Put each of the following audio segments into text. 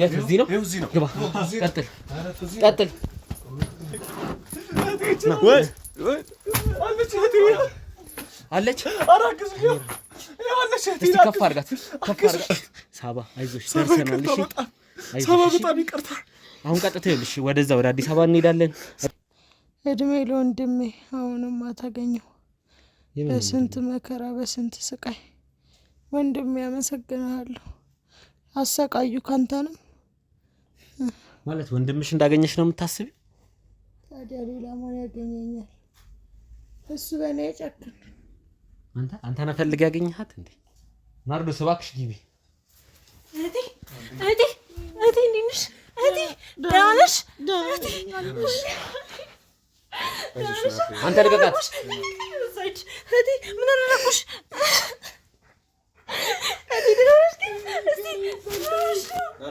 የት? እዚህ ነው። ግባ። ቀጥል፣ ቀጥል። አለች ከፍ አድርጋት፣ ከፍ አድርጋት። ሳባ አይዞሽ፣ ደርሰናል። እሺ ሳባ፣ በጣም ይቅርታ። አሁን ቀጥታ ይኸውልሽ ወደዛ ወደ አዲስ አበባ እንሄዳለን። እድሜ ለወንድሜ አሁንም አታገኘው። በስንት መከራ በስንት ስቃይ ወንድሜ ያመሰግናለሁ። አሰቃዩ ካንተንም ማለት ወንድምሽ እንዳገኘሽ ነው የምታስቢ? ታዲያ ሌላ ማን ያገኘኛል? እሱ በእኔ ጨክን። አንተ አንተ ነህ ፈልግ ያገኘሃት እንዴ? ናርዶስ እባክሽ ግቢ። አንተ? ልቀቃት ምን አደረኩሽ?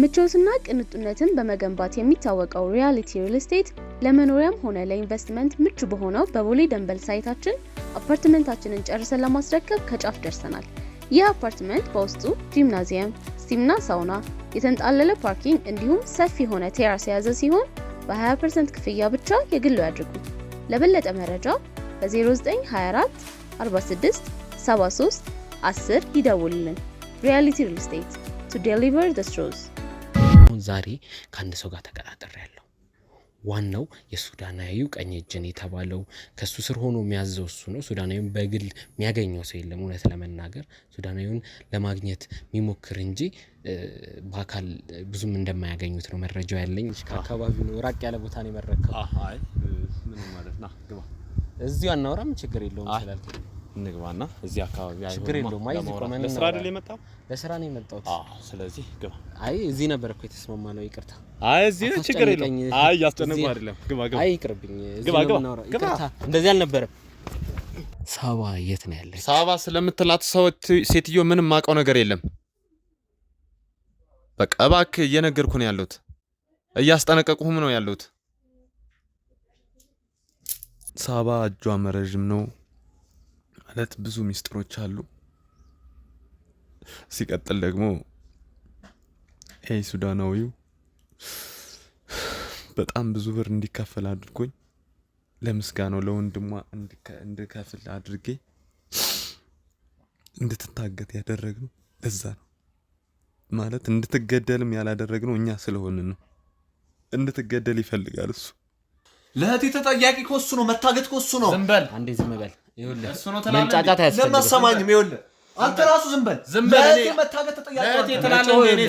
ምቾትና ቅንጡነትን በመገንባት የሚታወቀው ሪያሊቲ ሪል ስቴት ለመኖሪያም ሆነ ለኢንቨስትመንት ምቹ በሆነው በቦሌ ደንበል ሳይታችን አፓርትመንታችንን ጨርሰን ለማስረከብ ከጫፍ ደርሰናል። ይህ አፓርትመንት በውስጡ ጂምናዚየም፣ ስቲምና ሳውና፣ የተንጣለለ ፓርኪንግ እንዲሁም ሰፊ የሆነ ቴራስ የያዘ ሲሆን በ20% ክፍያ ብቻ የግሎ ያድርጉ። ለበለጠ መረጃ በ0924 46 73 10 ይደውሉልን። ሪያሊቲ ሪል ስቴት to deliver the ዛሬ ከአንድ ሰው ጋር ተቀጣጠር ያለው ዋናው የሱዳናዊው ቀኝ እጅን የተባለው ከእሱ ስር ሆኖ የሚያዘው እሱ ነው። ሱዳናዊውን በግል የሚያገኘው ሰው የለም። እውነት ለመናገር ሱዳናዊውን ለማግኘት የሚሞክር እንጂ በአካል ብዙም እንደማያገኙት ነው መረጃው ያለኝ። ከአካባቢው ነው ራቅ ያለ ቦታ ነው የመረከው። ምንም ማለት ና ግባ፣ እዚሁ አናወራም፣ ችግር የለውም ይችላል እንግባና እዚህ አካባቢ ችግር የለውም። አይ እዚህ ቆመን ለስራ አይደል የመጣው? ለስራ ነው የመጣሁት። አዎ፣ ስለዚህ ግባ። አይ እዚህ ነበር እኮ የተስማማ ነው። ይቅርታ። አይ እዚህ ነው፣ ችግር የለውም። አይ ያስጨነቁ አይደለም። ግባ ግባ። አይ ይቅርብኝ። ግባ ግባ። ይቅርታ፣ እንደዚህ አልነበረም። ሳባ የት ነው ያለች? ሳባ ስለምትላት ሰዎች ሴትዮ ምንም ማውቀው ነገር የለም። በቃ እባክህ እየነገርኩ ነው ያለሁት፣ እያስጠነቀቁሁም ነው ያለሁት። ሳባ እጇ መረዥም ነው ማለት ብዙ ሚስጥሮች አሉ። ሲቀጥል ደግሞ ይሄ ሱዳናዊው በጣም ብዙ ብር እንዲካፈል አድርጎኝ ለምስጋናው ለወንድሟ እንድከፍል አድርጌ እንድትታገት ያደረግነው እዛ ነው። ማለት እንድትገደልም ያላደረግነው እኛ ስለሆንን ነው። እንድትገደል ይፈልጋል እሱ። ለእህቴ ተጠያቂ ከሱ ነው፣ መታገት ከሱ ነው። ዝም በል አንዴ፣ ዝም በል መንጫጫት አያስፈልግም። ለማሰማኝም ይኸውልህ አንተ ራሱ ዝም በል ዝም በል። መታገት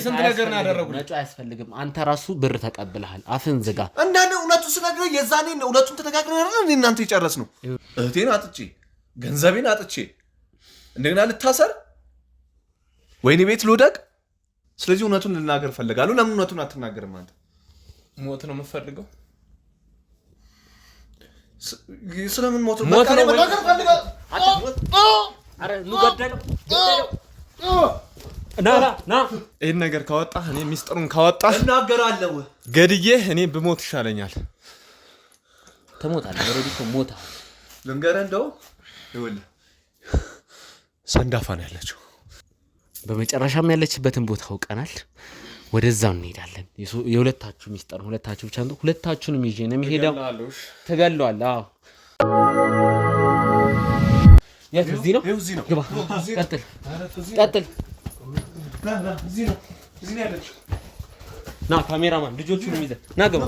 ስንት ነገር ነው ያደረጉት፣ አያስፈልግም። አንተ ራሱ ብር ተቀብለሃል፣ አፍን ዝጋ። እንዳንድ እውነቱን ስነግርህ የዛኔ እውነቱን ተነጋግረን እኔ እናንተ የጨረስ ነው። እህቴን አጥቼ ገንዘቤን አጥቼ እንደገና ልታሰር ወይኔ ቤት ልወደቅ። ስለዚህ እውነቱን ልናገር እፈልጋለሁ። ለምን እውነቱን አትናገርም? አንተ ሞት ነው የምትፈልገው? ስለምን ሞት ነው ይህን ነገር ካወጣ እኔ ሚስጥሩን ካወጣህ እናገራለሁ። ገድዬ እኔ ብሞት ይሻለኛል። ትሞታለህ። ኦልሬዲ እኮ ሞታ ልንገርህ። እንደው ይኸውልህ ሰንዳፋ ነው ያለችው። በመጨረሻም ያለችበትን ቦታ አውቀናል። ወደዛው እንሄዳለን። የሁለታችሁ ሚስጠር ሁለታችሁ ብቻ ሁለታችሁንም ይዤ ነው የሚሄደው። ተገለዋል። አዎ የት? እዚህ ነው። ግባ፣ ቀጥል፣ ቀጥል። ና ካሜራማን፣ ልጆቹን ይዘህ ና ግባ።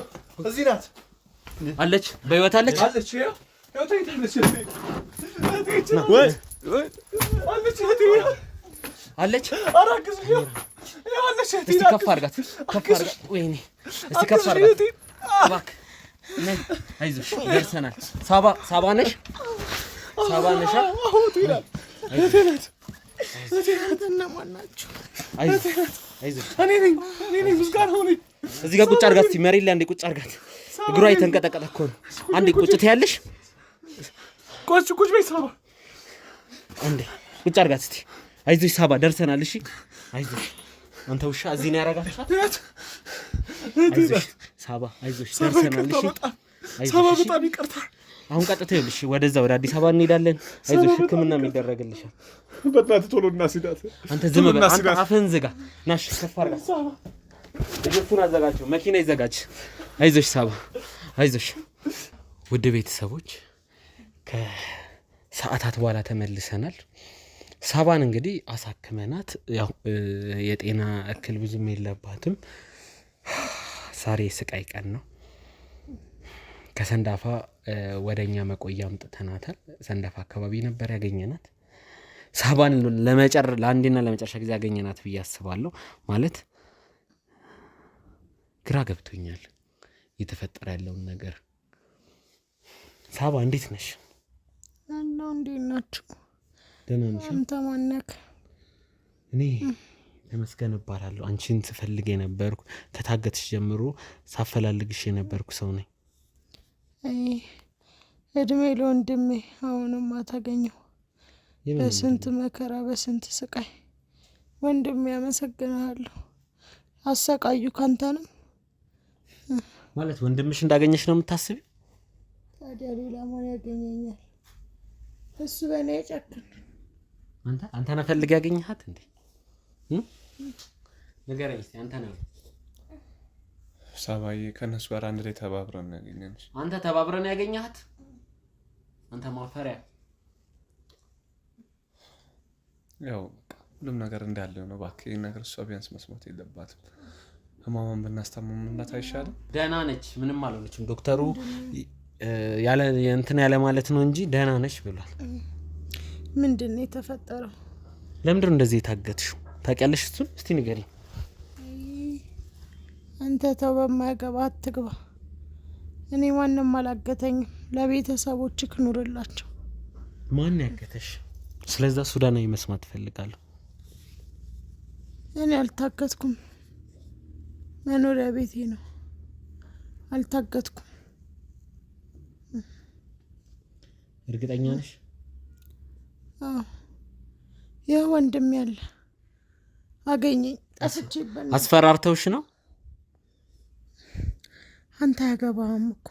እዚህ ናት አለች፣ በህይወት አለች። አለች አለች ከፍ አድርጋት። ወይኔ እስኪ ከፍ አድርጋት እባክህ። አይዞሽ ደርሰናል። ሳባ ሳባ ነሽ፣ ሳባ ነሽ። እዚህ ጋር ቁጭ አድርጋት። መሬት ላይ አንዴ ቁጭ አድርጋት። እግሯ የተንቀጠቀጠ እኮ ነው። አንዴ ቁጭ ትያለሽ። ቁጭ ቁጭ በይ ሳባ። አንዴ ቁጭ አድርጋት እስኪ። አይዞሽ ሳባ ደርሰናል። እሺ አይዞሽ አንተ ውሻ እዚህ ነው ያደርጋችኋት። ሳባ አይዞሽ፣ ደርሰናል። ሳባ በጣም ይቅርታ። አሁን ቀጥታ ይኸውልሽ ወደዛ ወደ አዲስ አበባ እንሄዳለን። አይዞሽ፣ ሕክምና የሚደረግልሻል። በእናትህ ቶሎ እናስሂዳት። አንተ ዝም በል አንተ አፍህን ዝጋ። ናሽ ከፍ አድርጋ ልጆቹን አዘጋጀው፣ መኪና ይዘጋጅ። አይዞሽ ሳባ አይዞሽ። ውድ ቤተሰቦች ከሰዓታት በኋላ ተመልሰናል። ሳባን እንግዲህ አሳክመናት ያው የጤና እክል ብዙም የለባትም። ሳሬ ስቃይ ቀን ነው። ከሰንዳፋ ወደ እኛ መቆያ አምጥተናታል። ሰንዳፋ አካባቢ ነበር ያገኘናት። ሳባን ለመጨር ለአንዴና ለመጨረሻ ጊዜ ያገኘናት ብዬ አስባለሁ። ማለት ግራ ገብቶኛል እየተፈጠረ ያለውን ነገር። ሳባ እንዴት ነሽ? እና እንዴት ደህና ነሽ? አንተ ማነክ? እኔ ተመስገን እባላለሁ። አንቺን ስፈልግ የነበርኩ ከታገትሽ ጀምሮ ሳፈላልግሽ የነበርኩ ሰው ነኝ። እድሜ ለወንድሜ አሁንም አታገኘው። በስንት መከራ በስንት ስቃይ ወንድሜ ያመሰግናለሁ። አሰቃዩ ካንተንም ማለት ወንድምሽ እንዳገኘሽ ነው የምታስቢ? ታዲያ ሌላ ማን ያገኘኛል? እሱ በእኔ አይጨክን አንተ አንተ ነህ ፈልገህ ያገኘሃት እንዴ? ንገረኝ እስኪ አንተ ነህ ሳባዬ። ከእነሱ ጋር አንድ ላይ ተባብረን ነው ያገኘን። አንተ ተባብረን ያገኘሃት አንተ ማፈሪያ። ያው ሁሉም ነገር እንዳለ ነው። እባክህ ይሄን ነገር እሷ ቢያንስ መስማት የለባትም። ህማማን ብናስታመምላት አይሻልም? ደህና ነች፣ ምንም አልሆነችም። ዶክተሩ ያለ እንትን ያለ ማለት ነው እንጂ ደህና ነች ብሏል። ምንድን ነው የተፈጠረው? ለምንድን ነው እንደዚህ የታገትሽው? ታውቂያለሽ? እሱን እስቲ ንገሪኝ። አንተ ተው፣ በማያገባ አትግባ። እኔ ማንም አላገተኝም። ለቤተሰቦች ክኑርላቸው። ማን ያገተሽ? ስለዛ ሱዳናዊ መስማት ትፈልጋለሁ። እኔ አልታገትኩም። መኖሪያ ቤቴ ነው። አልታገትኩም። እርግጠኛ ነሽ? ይህ ወንድም ያለ አገኘኝ ጠፍቼበት ነው። አስፈራርተውሽ ነው? አንተ አያገባህም እኮ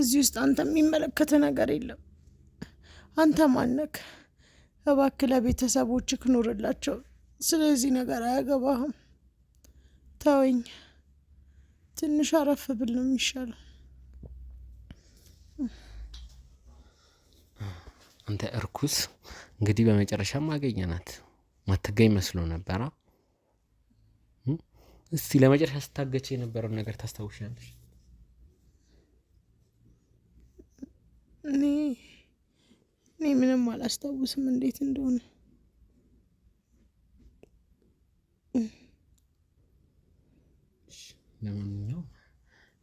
እዚህ ውስጥ አንተ የሚመለከተ ነገር የለም። አንተ ማነክ? እባክህ ለቤተሰቦችህ ኑርላቸው። ስለዚህ ነገር አያገባህም። ተወኝ፣ ትንሽ አረፍ ብል ነው የሚሻለው። አንተ እርኩስ። እንግዲህ በመጨረሻም አገኘናት። ማትገኝ መስሎ ነበራ። እስቲ ለመጨረሻ ስታገች የነበረውን ነገር ታስታውሻለሽ? እኔ እኔ ምንም አላስታውስም እንዴት እንደሆነ ለማንኛውም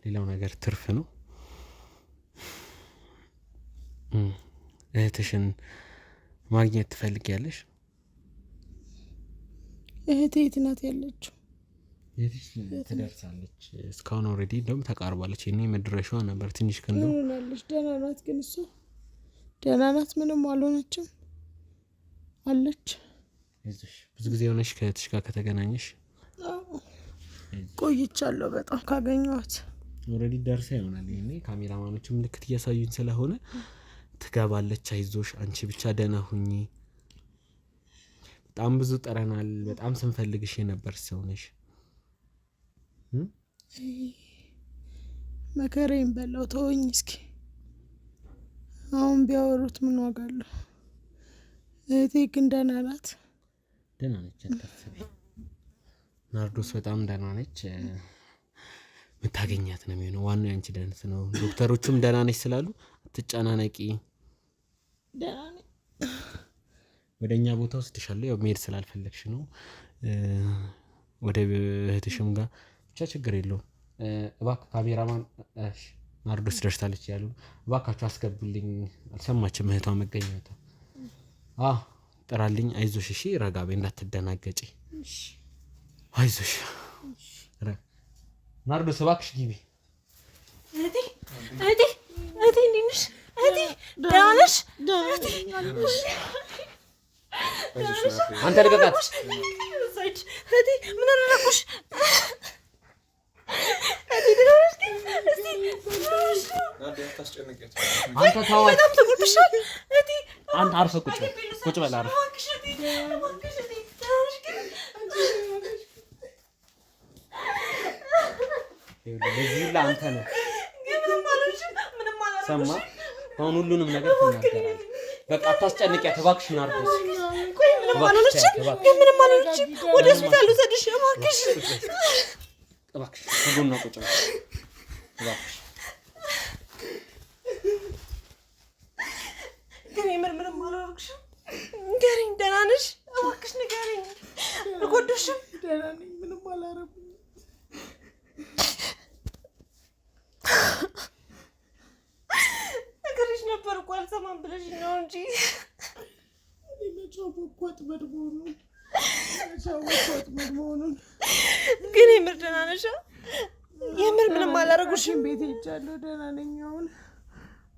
ሌላው ነገር ትርፍ ነው። እህትሽን ማግኘት ትፈልጊያለሽ? እህቴ የት ናት ያለችው? ትደርሳለች። እስካሁን ኦልሬዲ እንደውም ተቃርባለች። እኔ መድረሻዋ ነበር ትንሽ ከ ሆናለች። ደህና ናት ግን እሷ ደህና ናት፣ ምንም አልሆነችም አለች። ብዙ ጊዜ የሆነሽ ከእህትሽ ጋር ከተገናኘሽ? ቆይቻለሁ በጣም ካገኘኋት። ኦልሬዲ ደርሳ ይሆናል። ካሜራማኖቹ ምልክት እያሳዩኝ ስለሆነ ትገባለች። አይዞሽ አንቺ ብቻ ደህና ሁኚ። በጣም ብዙ ጥረናል። በጣም ስንፈልግሽ የነበር ሰው ነሽ። መከሬን በላው። ተወኝ እስኪ። አሁን ቢያወሩት ምን ዋጋ አለው? እህቴ ግን ደህና ናት። ደህና ነች፣ ናርዶስ በጣም ደህና ነች። የምታገኛት ነው የሚሆነው። ዋናው ያንቺ ደህንነት ነው። ዶክተሮቹም ደህና ነች ስላሉ አትጨናነቂ። ወደ እኛ ቦታ ወስድሻለሁ። ያው መሄድ ስላልፈለግሽ ነው። ወደ እህትሽም ጋር ብቻ ችግር የለውም። እባክህ ካሜራማን ናርዶስ ደርሳለች ያሉ እባካችሁ አስገቡልኝ። አልሰማችም። እህቷ መገኘቷ ጥራልኝ። አይዞሽ፣ እሺ ረጋ በይ፣ እንዳትደናገጪ። አይዞሽ ናርዶስ፣ እባክሽ ግቢ። እህቴ እህቴ እህቴ፣ እንዴት ነሽ? አንተ ልቀቃት። ምን አደረኩሽ? አንተ ተዋት። አንተ አርፈህ ቁጭ በል፣ ቁጭ በል አርፈህ ለዚህ ሁላ አንተ ነህ። ሰማህ አሁን ሁሉንም ነገር ትናገራለች። በቃ አታስጨንቂያት እባክሽ ናርዶስ። ቆይ ምንም አላለችም፣ ምንም ወደ ሆስፒታል ልውሰድሽ እባክሽ፣ እባክሽ ከጎኗ ቁጭ እባክሽ ወጥመድ መሆኑን ወጥመድ መሆኑን ግን የምር ደህና ነሽ? የምር ምንም አላደረጉሽም። ቤት ሄጃለሁ። ደህና ነኝ። አሁን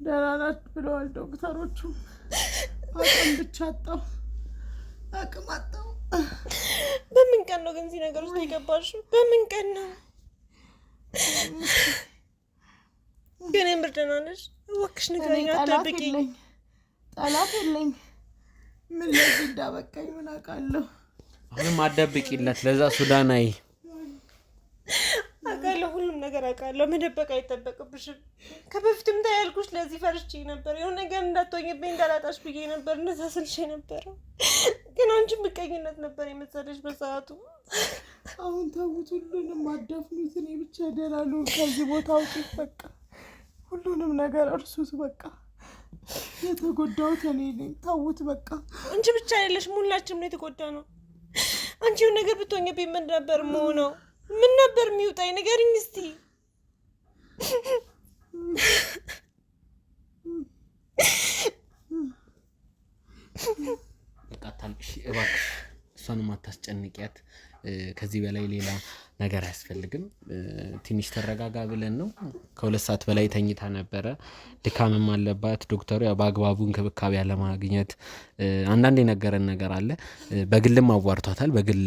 ደህና ናት ብለዋል ዶክተሮቹ። አቅም ብቻ አጣሁ፣ አቅም አጣሁ። በምን ቀን ነው ግን እዚህ ነገር ውስጥ የገባሽው? በምን ቀን ነው ግን የምር ደህና ነሽ? እባክሽ ንገረኝ፣ አትደብቂኝ። ጠላት የለኝ ምን ለዚህ እንዳበቃኝ ምን አውቃለሁ። አሁንም አትደብቂለት ለዛ ሱዳናዊ አውቃለሁ። ሁሉም ነገር አውቃለሁ። መደበቅ አይጠበቅብሽም። ከበፊትም ታያልኩሽ። ለዚህ ፈርቼ ነበር፣ የሆነ ነገር እንዳትሆኝብኝ እንዳላጣሽ ብዬ ነበር። እንደዛ ስልሽ ነበረ። ግን አንቺ ምቀኝነት ነበር የመሰለሽ በሰዓቱ። አሁን ተውት፣ ሁሉንም አዳፍኑት። እኔ ብቻ ደላሉ ከዚህ ቦታ አውጡት። በቃ ሁሉንም ነገር እርሱት በቃ የተጎዳሁት እኔ ነኝ። ተውት በቃ አንቺ ብቻ የለሽ ሁላችንም ነው የተጎዳ ነው። አንቺ ይሁን ነገር ብትሆኝብኝ ምን ነበር መሆነው? ምን ነበር የሚውጣኝ? ንገሪኝ እስቲ በቃ ታልቅሽ እባክሽ፣ እሷንም አታስጨንቂያት። ከዚህ በላይ ሌላ ነገር አያስፈልግም። ትንሽ ተረጋጋ ብለን ነው። ከሁለት ሰዓት በላይ ተኝታ ነበረ። ድካምም አለባት። ዶክተሩ በአግባቡ እንክብካቤ ያለማግኘት አንዳንድ የነገረን ነገር አለ። በግልም አዋርቷታል። በግል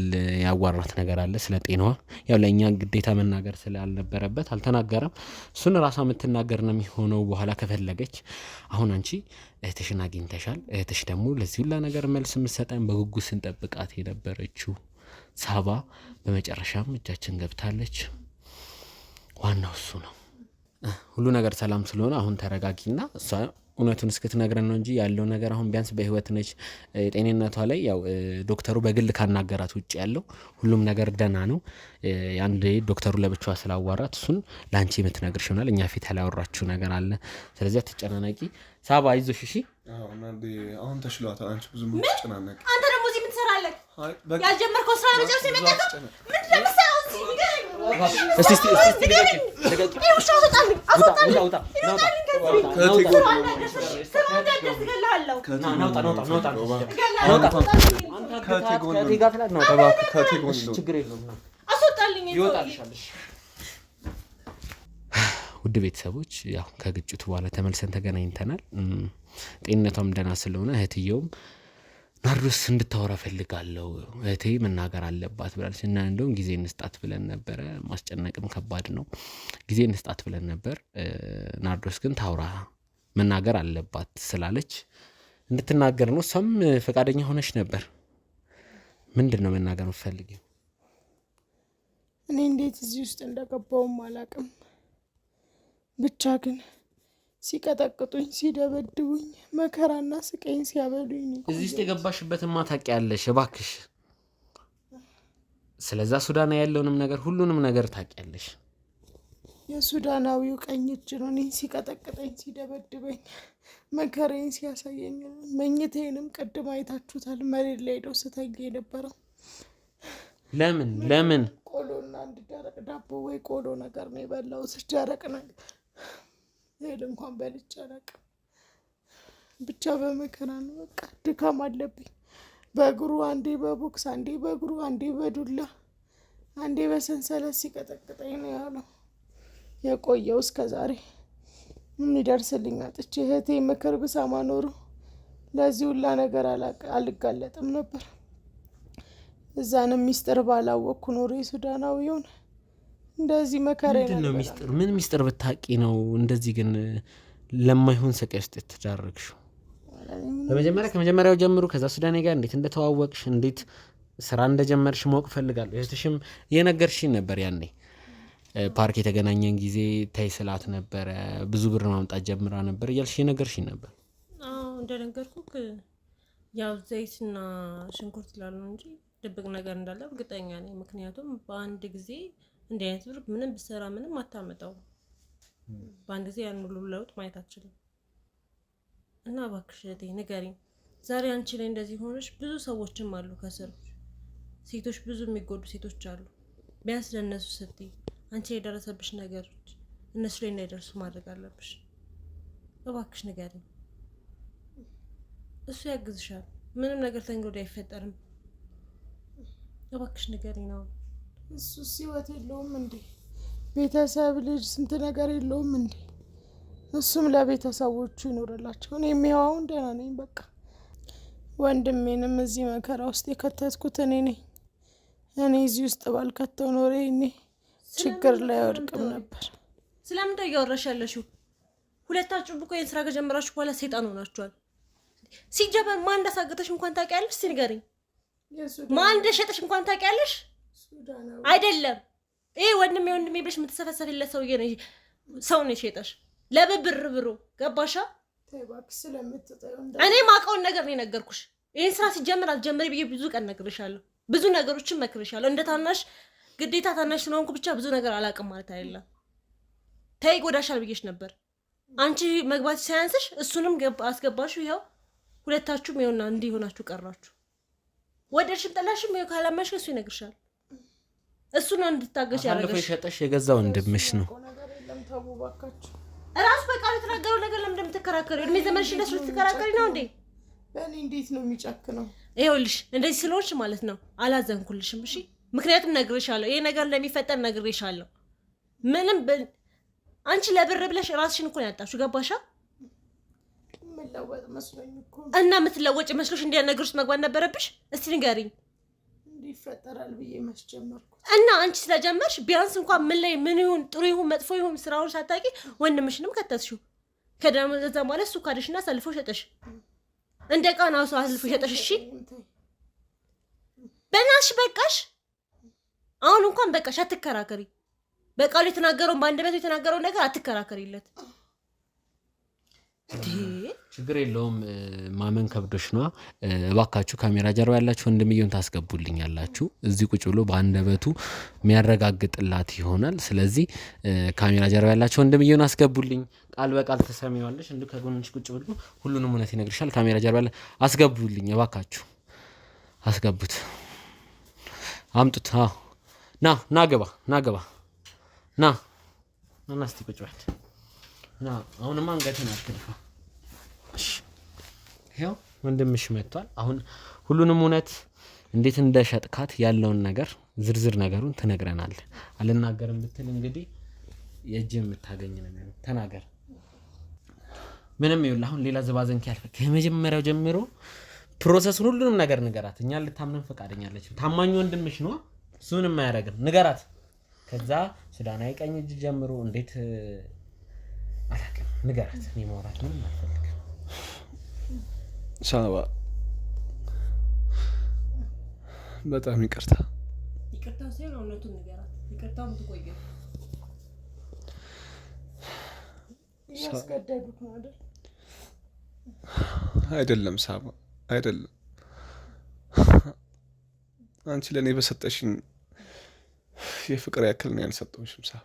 ያዋራት ነገር አለ ስለ ጤናዋ። ያው ለእኛ ግዴታ መናገር ስላልነበረበት አልተናገረም። እሱን ራሷ የምትናገር ነው የሚሆነው በኋላ ከፈለገች። አሁን አንቺ እህትሽን አግኝተሻል። እህትሽ ደግሞ ለዚህ ሁላ ነገር መልስ የምትሰጠን በጉጉት ስንጠብቃት የነበረችው ሳባ በመጨረሻም እጃችን ገብታለች። ዋናው እሱ ነው። ሁሉ ነገር ሰላም ስለሆነ አሁን ተረጋጊና እሷ እውነቱን እስክትነግረን ነው እንጂ ያለው ነገር አሁን ቢያንስ በህይወት ነች። ጤንነቷ ላይ ያው ዶክተሩ በግል ካናገራት ውጭ ያለው ሁሉም ነገር ደህና ነው። አንድ ዶክተሩ ለብቻዋ ስላዋራት እሱን ለአንቺ የምትነግርሽ ይሆናል። እኛ ፊት ያላወራችሁ ነገር አለ። ስለዚህ አትጨናነቂ ሳባ፣ አይዞሽ እሺ። አሁን ተሽሏታል። አንቺ ብዙ ጨናነቂ ያልጀመርከው ውድ ቤተሰቦች ያው ከግጭቱ በኋላ ተመልሰን ተገናኝተናል። ጤንነቷም ደህና ስለሆነ እህትየውም ናርዶስ እንድታወራ ፈልጋለሁ እህቴ መናገር አለባት ብላለች እና እንደውም ጊዜ እንስጣት ብለን ነበረ። ማስጨነቅም ከባድ ነው። ጊዜ እንስጣት ብለን ነበር። ናርዶስ ግን ታውራ መናገር አለባት ስላለች እንድትናገር ነው። እሷም ፈቃደኛ ሆነች ነበር። ምንድን ነው መናገር የምትፈልጊው? እኔ እንዴት እዚህ ውስጥ እንደገባውም አላቅም ብቻ ግን ሲቀጠቅጡኝ ሲደበድቡኝ መከራና ስቃይን ሲያበሉኝ እዚህ ውስጥ የገባሽበትማ ታውቂያለሽ። እባክሽ ስለዛ ሱዳና ያለውንም ነገር ሁሉንም ነገር ታውቂያለሽ። የሱዳናዊው ቀኝ እጅ ነው እኔን ሲቀጠቅጠኝ ሲደበድበኝ መከራዬን ሲያሳየኝ። መኝትንም ቅድም አይታችሁታል፣ መሬት ላይ ሄደው ስተኛ የነበረው ለምን ለምን ቆሎና አንድ ደረቅ ዳቦ ወይ ቆሎ ነገር ነው የበላሁት ደረቅ ነገር እህል እንኳን በልቼ አላውቅም። ብቻ በመከራ ነው። በቃ ድካም አለብኝ። በእግሩ አንዴ በቦክስ አንዴ በእግሩ አንዴ በዱላ አንዴ በሰንሰለት ሲቀጠቅጠኝ ነው ያለው የቆየው እስከ ዛሬ የሚደርስልኝ አጥቼ። እህቴ ምክር ብሰማ ኖሮ ለዚህ ሁላ ነገር አልጋለጥም ነበር። እዛንም ሚስጥር ባላወቅኩ ኖሮ የሱዳናዊውን እንደዚህ መከራ ነው። ሚስጥር ምን ሚስጥር ብታቂ ነው እንደዚህ ግን ለማይሆን ሰቃይ ውስጥ የተዳረግሽው? በመጀመሪያ ከመጀመሪያው ጀምሩ ከዛ ሱዳኔ ጋር እንዴት እንደተዋወቅሽ እንዴት ስራ እንደጀመርሽ ማወቅ እፈልጋለሁ። እህትሽም የነገርሽኝ ነበር ያኔ ፓርክ የተገናኘን ጊዜ ተይ ስላት ነበረ። ብዙ ብር ማምጣት ጀምራ ነበር እያልሽ የነገርሽኝ ነበር። እንደነገርኩህ ያው ዘይትና ሽንኩርት ላለው እንጂ ድብቅ ነገር እንዳለ እርግጠኛ ነኝ። ምክንያቱም በአንድ ጊዜ እንዲህ አይነት ብር ምንም ብሰራ ምንም አታመጣው። በአንድ ጊዜ ያን ሁሉ ለውጥ ማየት አችልም እና እባክሽ እህቴ ንገሪኝ። ዛሬ አንቺ ላይ እንደዚህ ሆነች ብዙ ሰዎችም አሉ ከስር ሴቶች፣ ብዙ የሚጎዱ ሴቶች አሉ። ቢያንስ ለእነሱ ስትይ አንቺ የደረሰብሽ ነገሮች እነሱ ላይ እንዳይደርሱ ማድረግ አለብሽ። እባክሽ ንገሪኝ። እሱ ያግዝሻል። ምንም ነገር ተንግዶ አይፈጠርም። እባክሽ ንገሪኝ ነው እሱ ህይወት የለውም እንዴ? ቤተሰብ፣ ልጅ፣ ስንት ነገር የለውም እንዴ? እሱም ለቤተሰቦቹ ይኖረላቸው። እኔም ይኸው አሁን ደህና ነኝ። በቃ ወንድሜንም እዚህ መከራ ውስጥ የከተትኩት እኔ ነኝ። እኔ እዚህ ውስጥ ባልከተው ኖሬ እኔ ችግር ላይ ወድቅም ነበር። ስለምንድን እያወራሽ ያለሽው? ሁለታችሁ ብኮ ይህን ስራ ከጀመራችሁ በኋላ ሰይጣን ሆናችኋል። ሲጀመር ማን እንዳሳገተሽ እንኳን ታውቂያለሽ? እስኪ ንገሪኝ። ማን እንደሸጠሽ እንኳን ታውቂያለሽ? አይደለም። ይሄ ወንድሜ ወንድሜ ብለሽ የምትሰፈሰፊለት ሰውዬ ነው። ሰው ነው የሸጠሽ ለብብር ብሩ ገባሻ? እኔ ማውቀውን ነገር ነው የነገርኩሽ። ይህን ስራ ሲጀምር አልጀምሪ ብዬ ብዙ ቀን ነግርሻለሁ። ብዙ ነገሮችን መክርሻለሁ። እንደ ታናሽ ግዴታ ታናሽ ስለሆንኩ ብቻ ብዙ ነገር አላውቅም ማለት አይደለም። ተይ ጎዳሻል ብዬሽ ነበር። አንቺ መግባት ሳያንስሽ እሱንም አስገባሽው። ይኸው ሁለታችሁም ይኸውና እንዲህ ሆናችሁ ቀራችሁ። ወደድሽም ጠላሽም ይኸው ካላመንሽ እሱ ይነግርሻል። እሱ ነው እንድታገሽ ያደረገሽ። የሸጠሽ የገዛ ወንድምሽ ነው። እራሱ በቃ የተናገረው ነገር ለምን እንደምትከራከሪ እድሜ ዘመንሽ እንደሱ ልትከራከሪ ነው እንዴ? በእኔ እንዴት ነው የሚጨክነው? ይኸውልሽ እንደዚህ ስለሆንሽ ማለት ነው አላዘንኩልሽም። እሺ ምክንያቱም ነግሬሻለሁ፣ ይሄ ነገር ለሚፈጠር ነግሬሻለሁ። ምንም አንቺ ለብር ብለሽ ራስሽን እኮ ነው ያጣሽው። ገባሻ? እና የምትለወጭ መስሎሽ እንዲያ ነገር ውስጥ መግባት ነበረብሽ? እስቲ ንገሪኝ። ይፈጠራል ብዬ መስጀመርኩ እና አንቺ ስለጀመርሽ ቢያንስ እንኳን ምን ላይ ምን ይሁን ጥሩ ይሁን መጥፎ ይሁን ስራውን ሳታውቂ ወንድምሽንም ከተስሽው ከዛ በኋላ እሱ ካደሽና አሳልፎ ሸጠሽ እንደ ዕቃ ነው ሰው አሳልፎ ሸጠሽ። እሺ በናትሽ በቃሽ። አሁን እንኳን በቃሽ። አትከራከሪ። በቃሉ የተናገረውን በአንደበቱ የተናገረውን ነገር አትከራከሪለት። ችግር የለውም። ማመን ከብዶች ነ እባካችሁ ካሜራ ጀርባ ያላችሁ ወንድምየውን ያላችሁ እዚህ ቁጭ ብሎ በአንደበቱ የሚያረጋግጥላት ይሆናል። ስለዚህ ካሜራ ጀርባ ያላችሁ ወንድምየውን አስገቡልኝ። ቃል በቃል ትሰሚዋለሽ። እንዲሁ ከጎንሽ ቁጭ ብሎ ሁሉንም እውነት ይነግርሻል። ካሜራ ጀርባ ያለ አስገቡልኝ፣ እባካችሁ አስገቡት። አምጡት። ና ና ግባ፣ ና ግባ፣ ና ናስቲ ቁጭ በል ና አሁንማ አንገትን አትልፋ። ይኸው ወንድምሽ መጥቷል። አሁን ሁሉንም እውነት እንዴት እንደሸጥካት ያለውን ነገር ዝርዝር ነገሩን ትነግረናል። አልናገርም ብትል እንግዲህ የእጅ የምታገኝ ነገር ተናገር። ምንም ይውል አሁን ሌላ ዘባዘንኪ ያልፈ ከመጀመሪያው ጀምሮ ፕሮሰሱን ሁሉንም ነገር ንገራት። እኛ ልታምንን ፈቃደኛለች። ታማኝ ወንድምሽ ነው። እሱንም አያደረግም ንገራት። ከዛ ሱዳናዊ ቀኝ እጅ ጀምሮ እንዴት አላውቅም። ንገራት። እኔ ማውራት ምንም አልፈልግም። ሳባ በጣም ይቅርታ። ይቅርታው ሳይሆን እውነቱን ንገራት። ያስገደዱት አይደል? አይደለም ሳባ፣ አይደለም አንቺ ለእኔ በሰጠሽኝ የፍቅር ያክል ነው ያልሰጠሁሽም ሳባ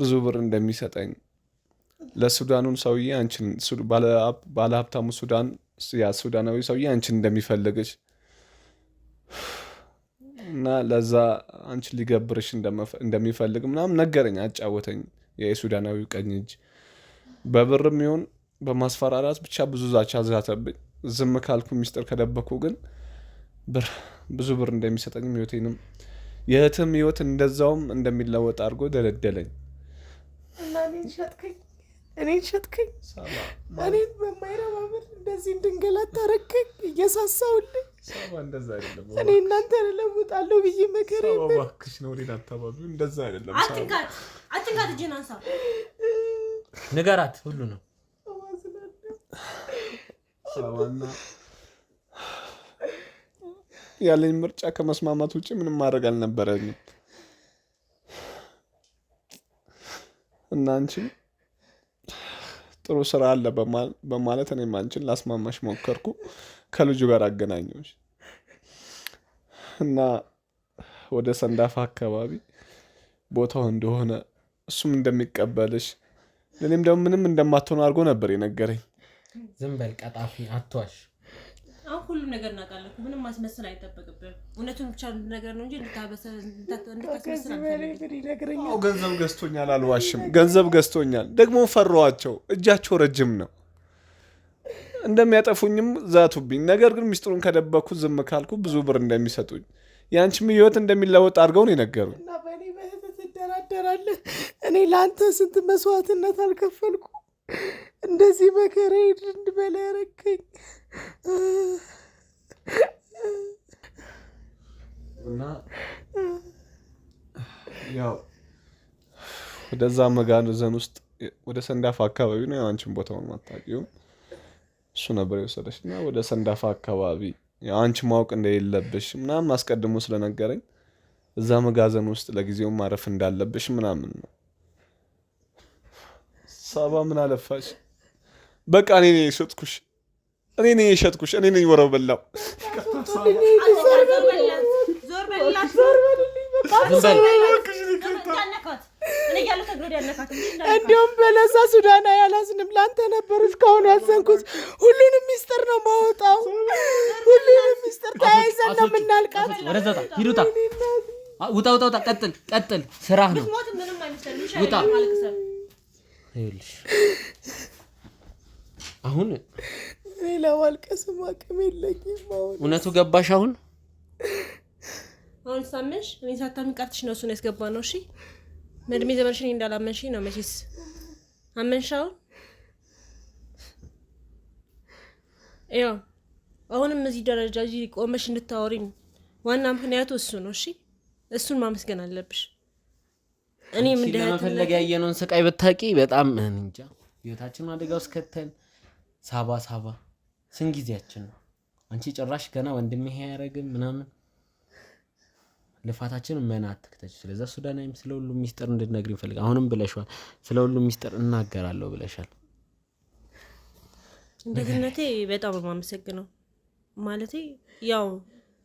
ብዙ ብር እንደሚሰጠኝ ለሱዳኑን ሰውዬ አንቺን ባለሀብታሙ ሱዳን ያ ሱዳናዊ ሰውዬ አንቺን እንደሚፈልግሽ እና ለዛ አንቺን ሊገብርሽ እንደሚፈልግ ምናምን ነገረኝ፣ አጫወተኝ። የሱዳናዊ ቀኝ እጅ በብርም ይሁን በማስፈራራት ብቻ ብዙ ዛቻ ዛተብኝ። ዝም ካልኩ ሚስጥር ከደበኩ ግን ብር ብዙ ብር እንደሚሰጠኝ ህይወቴንም የእህትም ህይወት እንደዛውም እንደሚለወጥ አድርጎ ደለደለኝ። እኔን ሸጥከኝ፣ እኔን ሸጥከኝ፣ እኔን በማይረባ ብር እንደዚህ እንድንገላት ታረከኝ። እየሳሳውልኝ እኔ እናንተ ለሙጣለሁ ብዬ መከር እባክሽ ነው። እኔን እንደዛ አይደለም። አትንካት፣ አትንካት፣ አንሳ፣ ንገራት ሁሉ ነው ያለኝ ምርጫ ከመስማማት ውጭ ምንም ማድረግ አልነበረኝም። እና ጥሩ ስራ አለ በማለት እኔም አንቺን ላስማማሽ ሞከርኩ። ከልጁ ጋር አገናኘች እና ወደ ሰንዳፋ አካባቢ ቦታው እንደሆነ እሱም እንደሚቀበልሽ ለእኔም ደግሞ ምንም እንደማትሆን አድርጎ ነበር የነገረኝ። ዝም በል ቀጣፊ አቷሽ አሁን ሁሉም ነገር እናውቃለን። ምንም ማስመሰል አይጠበቅብህም። እውነቱን ብቻ ነገር ነው እንጂ ገንዘብ ገዝቶኛል፣ አልዋሽም። ገንዘብ ገዝቶኛል። ደግሞ ፈራኋቸው። እጃቸው ረጅም ነው። እንደሚያጠፉኝም ዛቱብኝ። ነገር ግን ሚስጥሩን ከደበኩ ዝም ካልኩ ብዙ ብር እንደሚሰጡኝ የአንቺም ህይወት እንደሚለወጥ አድርገው ነው የነገሩኝ። እኔ ለአንተ ስንት መስዋዕትነት አልከፈልኩ። እንደዚህ መከራ ድንድ ያረከኝ ያው ወደዛ መጋዘን ውስጥ ወደ ሰንዳፋ አካባቢ ነው። አንቺን ቦታውን ማታቂውም እሱ ነበር የወሰደች እና ወደ ሰንዳፋ አካባቢ አንቺ ማወቅ እንደሌለብሽ ምናምን አስቀድሞ ስለነገረኝ እዛ መጋዘን ውስጥ ለጊዜው ማረፍ እንዳለብሽ ምናምን ነው። ሳባ ምን አለፋሽ፣ በቃ እኔ ነው እኔ ነኝ የሸጥኩሽ፣ እኔ ነኝ ወረው በላው። እንዲሁም በለሳ ሱዳና ያላዝንም ለአንተ ነበሮች ከአሁኑ ያዘንኩት ሁሉንም ሚስጥር ነው ማወጣው። ሁሉንም ሚስጥር ተያይዘን ነው የምናልቃት። ወደዛታ ሂዱታ ውጣ፣ ውጣ፣ ውጣ። ቀጥል፣ ቀጥል፣ ስራህ ነው። ውጣ አሁን እኔ ለማልቀስም አቅም የለኝም። አሁን እውነቱ ገባሽ? አሁን አሁን ሳመንሽ እኔ ሳታምን ቀርትሽ ነው እሱን ያስገባ ነው። እሺ መድሜ ዘመንሽ እኔ እንዳላመንሽ ነው። መቼስ አመንሽ። አሁን ያው አሁንም እዚህ ደረጃ እዚህ ቆመሽ እንድታወሪኝ ዋና ምክንያቱ እሱ ነው። እሺ እሱን ማመስገን አለብሽ። እኔም ለመፈለግ ያየነውን ስቃይ ብታቂ በጣም እንጃ ህይወታችንን አደጋ ውስጥ ከተን ሳባ ሳባ ስን ጊዜያችን ነው? አንቺ ጭራሽ ገና ወንድሜ ይሄ አያደርግም ምናምን ልፋታችን መና አትክተች። ስለዛ ሱዳናዊም ስለ ሁሉ ሚስጥር እንድነግር ይፈልግ አሁንም ብለሻል። ስለ ሁሉ ሚስጥር እናገራለሁ ብለሻል። እንደዚህነቴ በጣም የማመሰግነው ማለቴ ያው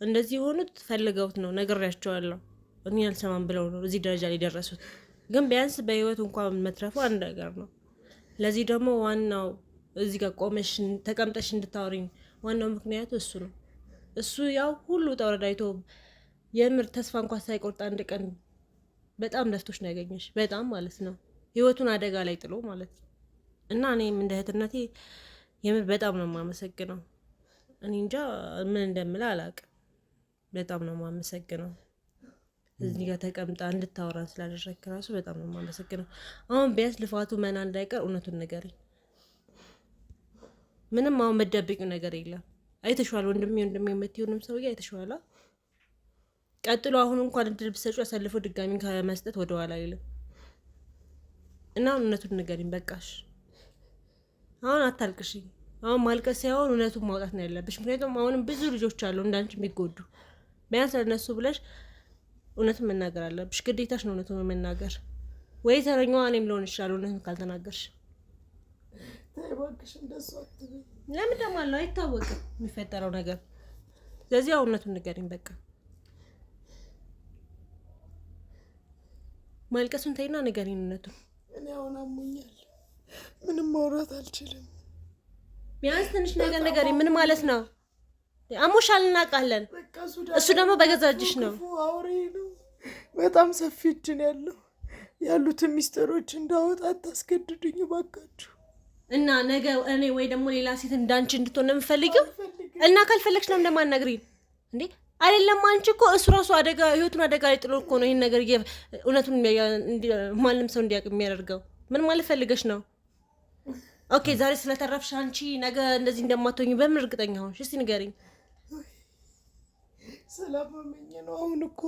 እንደዚህ የሆኑት ፈልገውት ነው ነግሬያቸዋለሁ። እኔ አልሰማም ብለው ነው እዚህ ደረጃ ላይ ደረሱት። ግን ቢያንስ በህይወት እንኳን መትረፉ አንድ ነገር ነው። ለዚህ ደግሞ ዋናው እዚህ ጋር ቆመሽ ተቀምጠሽ እንድታወሪኝ ዋናው ምክንያቱ እሱ ነው። እሱ ያው ሁሉ ጠውረዳ አይቶ የምር ተስፋ እንኳ ሳይቆርጥ አንድ ቀን በጣም ለፍቶች ነው ያገኘሽ። በጣም ማለት ነው ህይወቱን አደጋ ላይ ጥሎ ማለት ነው። እና እኔም እንደ እህትነቴ የምር በጣም ነው የማመሰግነው። እኔ እንጃ ምን እንደምል አላውቅም። በጣም ነው የማመሰግነው እዚህ ጋር ተቀምጣ እንድታወራን ስላደረግክ ራሱ በጣም ነው የማመሰግነው። አሁን ቢያንስ ልፋቱ መና እንዳይቀር እውነቱን ንገረኝ። ምንም አሁን መደበቂው ነገር የለም። አይተሸዋል። ወንድሜ ወንድሜ የምትሆንም ሰውዬ አይተሸዋላ። ቀጥሎ አሁን እንኳን እድል ብሰጩ አሳልፎ ድጋሚ ከመስጠት ወደኋላ አይልም እና አሁን እውነቱን ንገሪኝ። በቃሽ፣ አሁን አታልቅሽ። አሁን ማልቀስ ሳይሆን እውነቱን ማውጣት ነው ያለብሽ። ምክንያቱም አሁንም ብዙ ልጆች አሉ እንዳንቺ የሚጎዱ። ቢያንስ ለነሱ ብለሽ እውነቱን መናገር አለብሽ። ግዴታሽ ነው እውነቱን መናገር። ወይ ተረኛዋ እኔም ልሆን ይችላል እውነቱን ካልተናገርሽ ለምን ደግሞ አለው አይታወቅም የሚፈጠረው ነገር። ስለዚህ ያው እውነቱን ንገሪኝ በቃ። ማልቀሱን ተይና ንገሪኝ እውነቱን። እኔ አሁን አሞኛል፣ ምንም ማውራት አልችልም። ቢያንስ ትንሽ ነገር ንገሪኝ። ምን ማለት ነው? አሞሻል እናውቃለን። እሱ ደግሞ በገዛ እጅሽ ነው። ነው፣ በጣም ሰፊ እጅ ነው ያለው። ያሉትን ሚስጥሮች እንዳወጣ አታስገድዱኝ እባካችሁ። እና ነገ እኔ ወይ ደግሞ ሌላ ሴት እንዳንቺ እንድትሆን ነው የምፈልገው። እና ካልፈለግሽ ነው እንደማናግሪኝ እንዴ? አይደለም አንቺ እኮ እሱ ራሱ አደጋ ህይወቱን አደጋ ላይ ጥሎ እኮ ነው ይህን ነገር እውነቱን ማንም ሰው እንዲያውቅ የሚያደርገው። ምን ማለት ፈልገሽ ነው? ኦኬ ዛሬ ስለተረፍሽ አንቺ ነገ እንደዚህ እንደማትሆኝ በምን እርግጠኛ ሆንሽ? እስቲ ንገሪኝ። ስላመመኝ ነው። አሁን እኮ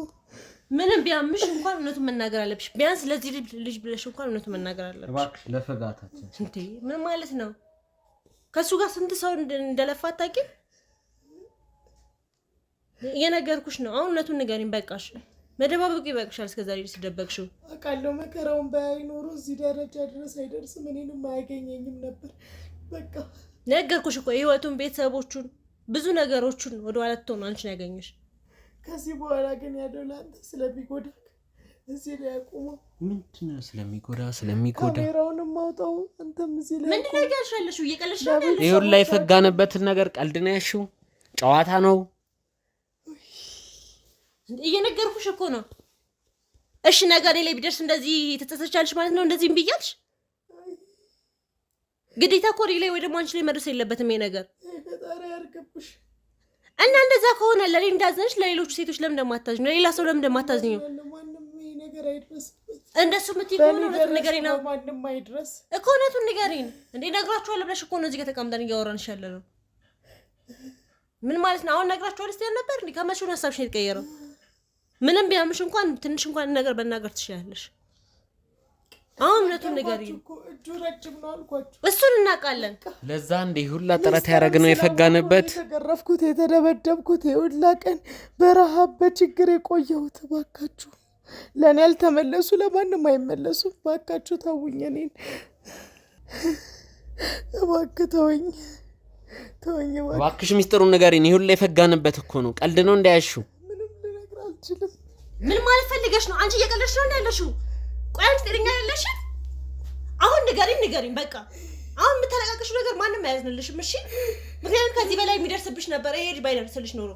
ምንም ቢያምሽ እንኳን እውነቱን መናገር አለብሽ። ቢያንስ ለዚህ ልጅ ብለሽ እንኳን እውነቱን መናገር አለብሽ። እባክሽ ለፈጋታችን እንዴ! ምን ማለት ነው? ከእሱ ጋር ስንት ሰው እንደለፋ አታውቂም? የነገርኩሽ ነው። አሁን እውነቱን ንገሪኝ። በቃሽ፣ መደባበቁ ይበቃሻል። እስከዛሬ ስደበቅሽው አውቃለሁ። መከራውን ባያይ ኖሮ እዚህ ደረጃ ድረስ አይደርስም፣ እኔንም አያገኘኝም ነበር። በቃ ነገርኩሽ እኮ ህይወቱን፣ ቤተሰቦቹን፣ ብዙ ነገሮቹን ወደኋላ ትተው ነው አንቺን ያገኘሽ። ከዚህ በኋላ ግን ያለው ለአንተ ስለሚጎዳ እዚህ ላይ ያቁሙ። ምንድን ነው ስለሚጎዳ ስለሚጎዳ ካሜራውንም ማውጣው። አንተም እዚህ ላይ ምንድን ነው ያሻለሹ? እየቀለሽ ይሁን ላይ ፈጋንበትን ነገር ቀልድ ነው ያልሺው፣ ጨዋታ ነው እየነገርኩሽ እኮ ነው። እሺ ነገ እኔ ላይ ቢደርስ እንደዚህ ተጸጸቻልሽ ማለት ነው? እንደዚህም እምቢ ግዴታ እኮ እኔ ላይ ወይ ደግሞ አንቺ ላይ መድረስ የለበትም ይሄ ነገር። ፈጣሪ ያርግብሽ። እና እንደዛ ከሆነ ለእኔ እንዳዘንሽ ለሌሎቹ ሴቶች ለምን እንደማታዝኝ ነው? ለሌላ ሰው ለምን እንደማታዝኝ ነው? እንደሱ ምት ከሆነ እውነቱን ንገሪኝ ነው እኮ እውነቱን ንገሪኝ። እንደ እነግራችኋለሁ ብለሽ እኮ ነው እዚህ ጋር ተቀምጠን እያወራንሽ ያለ ነው። ምን ማለት ነው? አሁን እነግራችኋለሁ ስትይ አልነበር? ከመቼውን ሀሳብሽን የተቀየረው? ምንም ቢያምሽ እንኳን ትንሽ እንኳን ነገር መናገር ትችላለሽ። አሁን እውነቱን ንገሪኝ። እሱን እናውቃለን። ለዛ እንደ ሁላ ጥረት ነው የፈጋንበት የተገረፍኩት፣ የተደበደብኩት፣ የሁላ ቀን በረሃብ በችግር የቆየሁት። ባካችሁ ለእኔ ያልተመለሱ ለማንም አይመለሱም። ባካችሁ ተውኝ፣ እኔን እባክህ ተወኝ፣ ተወኝ እባክሽ። ሚስጥሩን ንገሪኝ። የፈጋንበት እኮ ነው። ቀልድ ነው እንዳያሹ። ምንም ልነግርህ አልችልም። ምን ማለት ፈልገሽ ነው? አንቺ እየቀለድሽ ነው እንዳለሽው ቆይ አንቺ ጤነኛ አይደለሽም። አሁን ንገሪኝ ንገሪኝ፣ በቃ አሁን የምታለቃቅሽው ነገር ማንም አያዝንልሽም። እሺ፣ ምክንያቱም ከዚህ በላይ የሚደርስብሽ ነበር ይሄ ልጅ ባይደርስልሽ ኖሮ።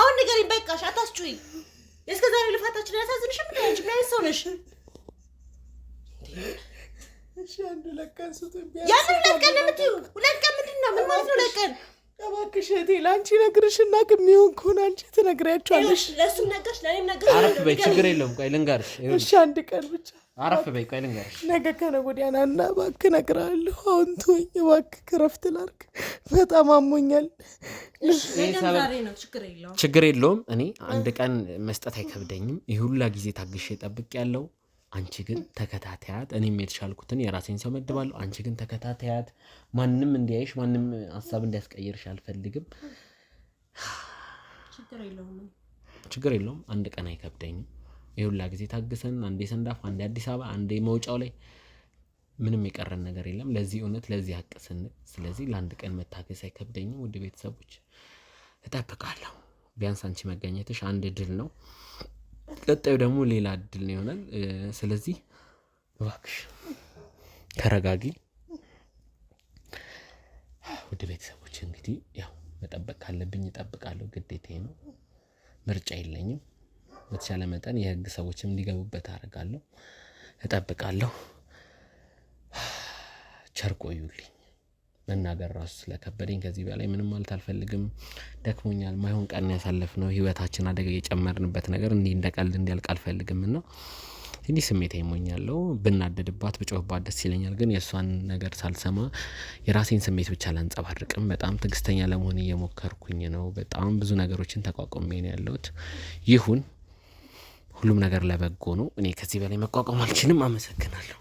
አሁን ንገሪኝ በቃ። እሺ፣ አታስጩኝ። እስከ ዛሬ ልፋታችን አያሳዝንሽም? እንደ አንቺ ምን አይነት ሰው ነሽ? ያንን ሁለት ቀን የምትይው ሁለት ቀን ምንድን ነው? ምን ማለት ነው ለቀን? ቀን? እባክሽ እህቴ ለአንቺ ነግርሽና የሚሆን ከሆነ አንቺ ትነግሪያቸዋለሽ። ለእሱም ነገርሽ ለእኔም ነገርሽ። አረፍ በይ፣ ችግር የለውም። ቆይ ልንገርሽ። እሺ አንድ ቀን ብቻ አረፍ በይ፣ ቆይ ልንገርሽ። ነገ ከነገ ወዲያ እና እባክህ እነግርሃለሁ። አሁን ተወኝ እባክህ፣ ክረፍት ላድርግ። በጣም አሞኛል። ችግር የለውም። እኔ አንድ ቀን መስጠት አይከብደኝም። ይህ ሁላ ጊዜ ታግሼ ጠብቅ ያለው አንቺ ግን ተከታተያት። እኔም የተሻልኩትን የራሴን ሰው መድባለሁ። አንቺ ግን ተከታተያት። ማንም እንዲያይሽ፣ ማንም ሀሳብ እንዲያስቀይርሽ አልፈልግም። ችግር የለውም። አንድ ቀን አይከብደኝም። የሁላ ጊዜ ታግሰን አንዴ ሰንዳፋ፣ አንዴ አዲስ አበባ፣ አንዴ መውጫው ላይ ምንም የቀረን ነገር የለም ለዚህ እውነት ለዚህ ሀቅ ስንል። ስለዚህ ለአንድ ቀን መታገስ አይከብደኝም። ውድ ቤተሰቦች እጠብቃለሁ። ቢያንስ አንቺ መገኘትሽ አንድ ድል ነው። ቀጣዩ ደግሞ ሌላ ድል ነው ይሆናል። ስለዚህ እባክሽ ተረጋጊ። ውድ ቤተሰቦች እንግዲህ ያው መጠበቅ ካለብኝ እጠብቃለሁ፣ ግዴታ ነው፣ ምርጫ የለኝም። በተቻለ መጠን የህግ ሰዎችም እንዲገቡበት አደርጋለሁ፣ እጠብቃለሁ። ቸር ቆዩልኝ። መናገር ራሱ ስለከበደኝ ከዚህ በላይ ምንም ማለት አልፈልግም። ደክሞኛል። ማይሆን ቀን ያሳለፍ ነው ህይወታችን አደጋ የጨመርንበት ነገር እንዲህ እንደቀልድ እንዲያልቅ አልፈልግም እና እንዲህ ስሜት ይሞኛለው። ብናደድባት ብጮህባት ደስ ይለኛል፣ ግን የእሷን ነገር ሳልሰማ የራሴን ስሜት ብቻ አላንጸባርቅም። በጣም ትግስተኛ ለመሆን እየሞከርኩኝ ነው። በጣም ብዙ ነገሮችን ተቋቁሜ ነው ያለሁት። ይሁን ሁሉም ነገር ለበጎ ነው። እኔ ከዚህ በላይ መቋቋም አልችልም። አመሰግናለሁ።